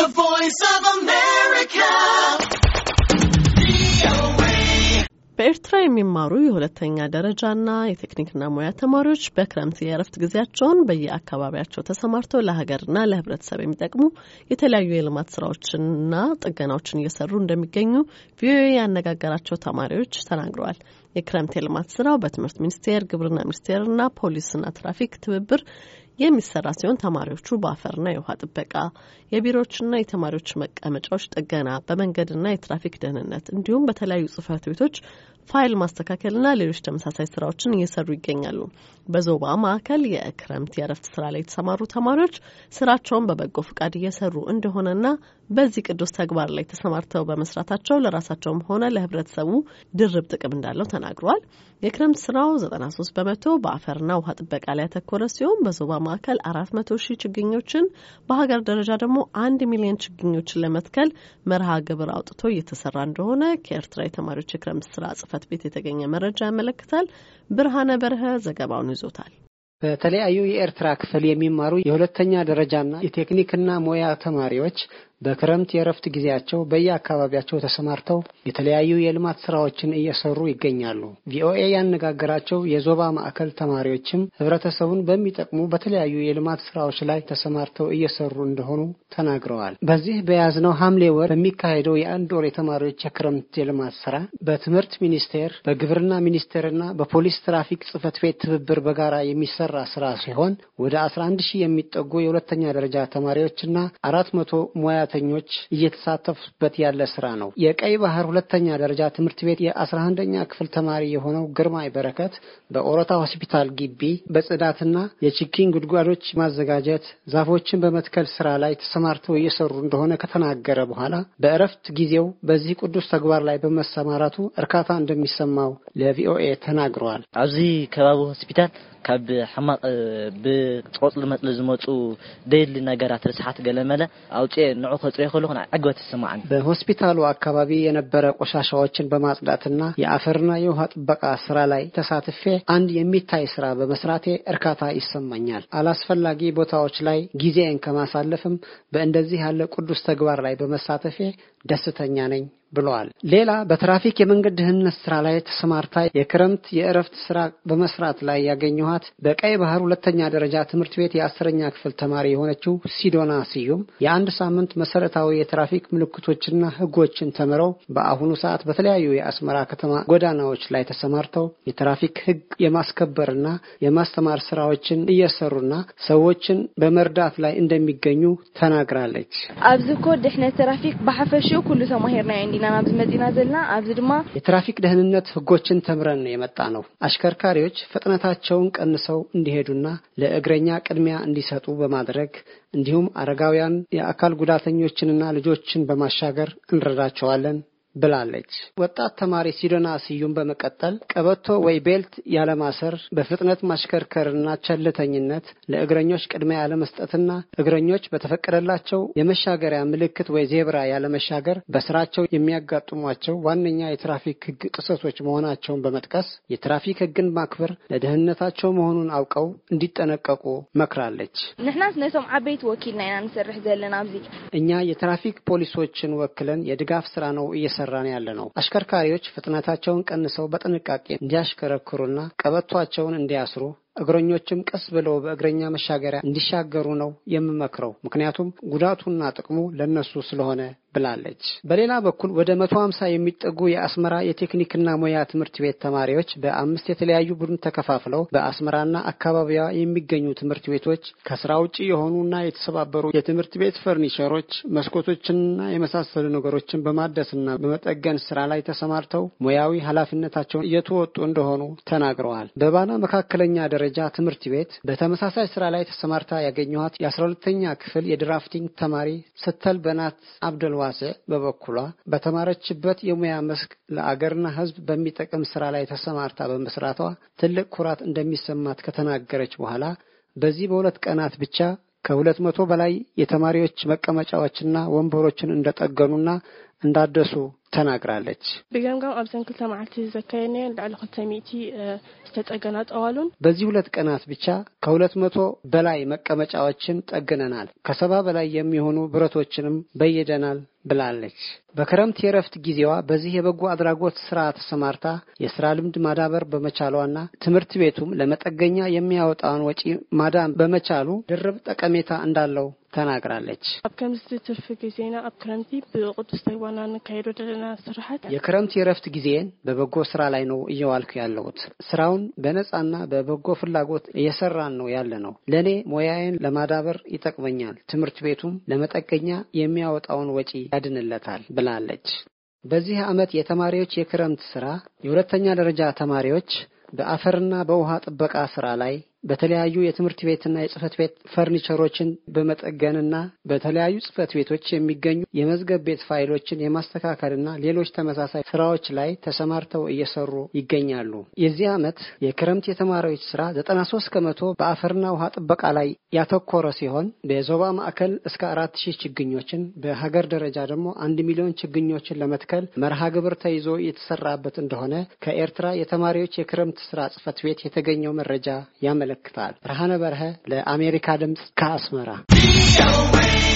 The Voice of America. በኤርትራ የሚማሩ የሁለተኛ ደረጃና የቴክኒክና ሙያ ተማሪዎች በክረምት የእረፍት ጊዜያቸውን በየአካባቢያቸው ተሰማርተው ለሀገርና ለሕብረተሰብ የሚጠቅሙ የተለያዩ የልማት ስራዎችንና ጥገናዎችን እየሰሩ እንደሚገኙ ቪኦኤ ያነጋገራቸው ተማሪዎች ተናግረዋል። የክረምት የልማት ስራው በትምህርት ሚኒስቴር፣ ግብርና ሚኒስቴርና ፖሊስና ትራፊክ ትብብር የሚሰራ ሲሆን ተማሪዎቹ በአፈርና የውሃ ጥበቃ፣ የቢሮዎችና የተማሪዎች መቀመጫዎች ጥገና፣ በመንገድና የትራፊክ ደህንነት እንዲሁም በተለያዩ ጽህፈት ቤቶች ፋይል ማስተካከልና ሌሎች ተመሳሳይ ስራዎችን እየሰሩ ይገኛሉ። በዞባ ማዕከል የክረምት የእረፍት ስራ ላይ የተሰማሩ ተማሪዎች ስራቸውን በበጎ ፈቃድ እየሰሩ እንደሆነና በዚህ ቅዱስ ተግባር ላይ ተሰማርተው በመስራታቸው ለራሳቸውም ሆነ ለህብረተሰቡ ድርብ ጥቅም እንዳለው ተናግረዋል። የክረምት ስራው 93 በመቶ በአፈርና ውሃ ጥበቃ ላይ ያተኮረ ሲሆን በዞባ ማዕከል 400 ሺህ ችግኞችን በሀገር ደረጃ ደግሞ አንድ ሚሊዮን ችግኞችን ለመትከል መርሃ ግብር አውጥቶ እየተሰራ እንደሆነ ከኤርትራ የተማሪዎች የክረምት ስራ ጽፈት ጽህፈት ቤት የተገኘ መረጃ ያመለክታል። ብርሃነ በርሀ ዘገባውን ይዞታል። በተለያዩ የኤርትራ ክፍል የሚማሩ የሁለተኛ ደረጃና የቴክኒክና ሙያ ተማሪዎች በክረምት የእረፍት ጊዜያቸው በየአካባቢያቸው ተሰማርተው የተለያዩ የልማት ስራዎችን እየሰሩ ይገኛሉ። ቪኦኤ ያነጋገራቸው የዞባ ማዕከል ተማሪዎችም ህብረተሰቡን በሚጠቅሙ በተለያዩ የልማት ስራዎች ላይ ተሰማርተው እየሰሩ እንደሆኑ ተናግረዋል። በዚህ በያዝነው ሐምሌ ወር በሚካሄደው የአንድ ወር የተማሪዎች የክረምት የልማት ስራ በትምህርት ሚኒስቴር፣ በግብርና ሚኒስቴርና በፖሊስ ትራፊክ ጽህፈት ቤት ትብብር በጋራ የሚሰራ ስራ ሲሆን ወደ 11 ሺህ የሚጠጉ የሁለተኛ ደረጃ ተማሪዎችና አራት መቶ ሙያ ሰራተኞች እየተሳተፉበት ያለ ስራ ነው። የቀይ ባህር ሁለተኛ ደረጃ ትምህርት ቤት የ11ኛ ክፍል ተማሪ የሆነው ግርማይ በረከት በኦሮታ ሆስፒታል ግቢ በጽዳትና የችግኝ ጉድጓዶች ማዘጋጀት፣ ዛፎችን በመትከል ስራ ላይ ተሰማርተው እየሰሩ እንደሆነ ከተናገረ በኋላ በእረፍት ጊዜው በዚህ ቅዱስ ተግባር ላይ በመሰማራቱ እርካታ እንደሚሰማው ለቪኦኤ ተናግረዋል። ኣብዚ ከባቢ ሆስፒታል ካብ ሕማቅ ብቆፅሊ መፅሊ ዝመፁ ደየሊ ነገራት ርስሓት ገለመለ ኣውፅየ ንዑ ይክእሉ ከለኹ ዕግበት ይስማዓን። በሆስፒታሉ አካባቢ የነበረ ቆሻሻዎችን በማጽዳትና የአፈርና የውሃ ጥበቃ ስራ ላይ ተሳትፌ አንድ የሚታይ ስራ በመስራቴ እርካታ ይሰማኛል። አላስፈላጊ ቦታዎች ላይ ጊዜን ከማሳለፍም በእንደዚህ ያለ ቅዱስ ተግባር ላይ በመሳተፌ ደስተኛ ነኝ ብለዋል። ሌላ በትራፊክ የመንገድ ደህንነት ስራ ላይ ተሰማርታ የክረምት የእረፍት ስራ በመስራት ላይ ያገኘኋት በቀይ ባህር ሁለተኛ ደረጃ ትምህርት ቤት የአስረኛ ክፍል ተማሪ የሆነችው ሲዶና ስዩም የአንድ ሳምንት መሰረታዊ የትራፊክ ምልክቶችና ህጎችን ተምረው በአሁኑ ሰዓት በተለያዩ የአስመራ ከተማ ጎዳናዎች ላይ ተሰማርተው የትራፊክ ህግ የማስከበርና የማስተማር ስራዎችን እየሰሩና ሰዎችን በመርዳት ላይ እንደሚገኙ ተናግራለች። ኣብዚ ኮ ድሕነት ትራፊክ ብሓፈሽኡ ኩሉ ተማሂርና ኢና ኣብዚ መፂና ዘለና ኣብዚ ድማ የትራፊክ ደህንነት ህጎችን ተምረን የመጣ ነው። አሽከርካሪዎች ፍጥነታቸውን ቀንሰው እንዲሄዱና ለእግረኛ ቅድሚያ እንዲሰጡ በማድረግ እንዲሁም አረጋውያን፣ የአካል ጉዳተኞችንና ልጆችን በማሻገር እንረዳቸዋለን ብላለች። ወጣት ተማሪ ሲዶና ስዩም በመቀጠል ቀበቶ ወይ ቤልት ያለማሰር፣ በፍጥነት ማሽከርከርና ቸልተኝነት፣ ለእግረኞች ቅድሚያ ያለመስጠትና እግረኞች በተፈቀደላቸው የመሻገሪያ ምልክት ወይ ዜብራ ያለመሻገር በስራቸው የሚያጋጥሟቸው ዋነኛ የትራፊክ ሕግ ጥሰቶች መሆናቸውን በመጥቀስ የትራፊክ ሕግን ማክበር ለደህንነታቸው መሆኑን አውቀው እንዲጠነቀቁ መክራለች። ንሕናስ ነቶም ዓበይት ወኪልና ኢና ንሰርሕ ዘለና እኛ የትራፊክ ፖሊሶችን ወክለን የድጋፍ ስራ ነው እየሰ ነው ያለ ነው። አሽከርካሪዎች ፍጥነታቸውን ቀንሰው በጥንቃቄ እንዲያሽከረክሩና ቀበቷቸውን እንዲያስሩ እግረኞችም ቀስ ብለው በእግረኛ መሻገሪያ እንዲሻገሩ ነው የምመክረው፣ ምክንያቱም ጉዳቱና ጥቅሙ ለነሱ ስለሆነ ብላለች። በሌላ በኩል ወደ መቶ ሀምሳ የሚጠጉ የአስመራ የቴክኒክና ሙያ ትምህርት ቤት ተማሪዎች በአምስት የተለያዩ ቡድን ተከፋፍለው በአስመራና አካባቢዋ የሚገኙ ትምህርት ቤቶች ከስራ ውጭ የሆኑና የተሰባበሩ የትምህርት ቤት ፈርኒቸሮች፣ መስኮቶችንና የመሳሰሉ ነገሮችን በማደስና በመጠገን ስራ ላይ ተሰማርተው ሙያዊ ኃላፊነታቸውን እየተወጡ እንደሆኑ ተናግረዋል። በባና መካከለኛ ደረጃ ትምህርት ቤት በተመሳሳይ ስራ ላይ ተሰማርታ ያገኘኋት የ ክፍል የድራፍቲንግ ተማሪ ስተል በናት አብደልዋሴ በበኩሏ በተማረችበት የሙያ መስክ ለአገርና ሕዝብ በሚጠቅም ስራ ላይ ተሰማርታ በመስራቷ ትልቅ ኩራት እንደሚሰማት ከተናገረች በኋላ በዚህ በሁለት ቀናት ብቻ ከሁለት መቶ በላይ የተማሪዎች መቀመጫዎችና ወንበሮችን እንደጠገኑና እንዳደሱ ተናግራለች። ብገምጋም ኣብ ዘን ክልተ መዓልቲ ዘካየድናዮ ልዕሊ ክልተ ሚእቲ ዝተጠገና ጠዋሉን በዚህ ሁለት ቀናት ብቻ ከሁለት መቶ በላይ መቀመጫዎችን ጠግነናል። ከሰባ በላይ የሚሆኑ ብረቶችንም በየደናል ብላለች። በክረምት የረፍት ጊዜዋ በዚህ የበጎ አድራጎት ስራ ተሰማርታ የስራ ልምድ ማዳበር በመቻሏና ትምህርት ቤቱም ለመጠገኛ የሚያወጣውን ወጪ ማዳን በመቻሉ ድርብ ጠቀሜታ እንዳለው ተናግራለች። ኣብ ከምዚ ትርፊ ኣብ ክረምቲ ብቅዱስ ተግባርና ንካሄዶ ዘለና ስራሓት የክረምቲ የረፍት ግዜን በበጎ ስራ ላይ ነው እየዋልኩ ያለሁት። ስራውን በነፃና በበጎ ፍላጎት እየሰራን ነው ያለ ነው። ለእኔ ሞያዬን ለማዳበር ይጠቅመኛል። ትምህርት ቤቱም ለመጠገኛ የሚያወጣውን ወጪ ያድንለታል ብላለች። በዚህ ዓመት የተማሪዎች የክረምት ስራ የሁለተኛ ደረጃ ተማሪዎች በአፈርና በውሃ ጥበቃ ስራ ላይ በተለያዩ የትምህርት ቤትና የጽህፈት ቤት ፈርኒቸሮችን በመጠገንና በተለያዩ ጽህፈት ቤቶች የሚገኙ የመዝገብ ቤት ፋይሎችን የማስተካከልና ሌሎች ተመሳሳይ ስራዎች ላይ ተሰማርተው እየሰሩ ይገኛሉ። የዚህ ዓመት የክረምት የተማሪዎች ስራ ሶስት ከመቶ በአፈርና ውሃ ጥበቃ ላይ ያተኮረ ሲሆን በዞባ ማዕከል እስከ አራት ሺህ ችግኞችን በሀገር ደረጃ ደግሞ አንድ ሚሊዮን ችግኞችን ለመትከል መርሃ ግብር ተይዞ የተሰራበት እንደሆነ ከኤርትራ የተማሪዎች የክረምት ስራ ጽህፈት ቤት የተገኘው መረጃ ያመለ ያመለክታል። ብርሃነ በርሀ ለአሜሪካ ድምፅ ከአስመራ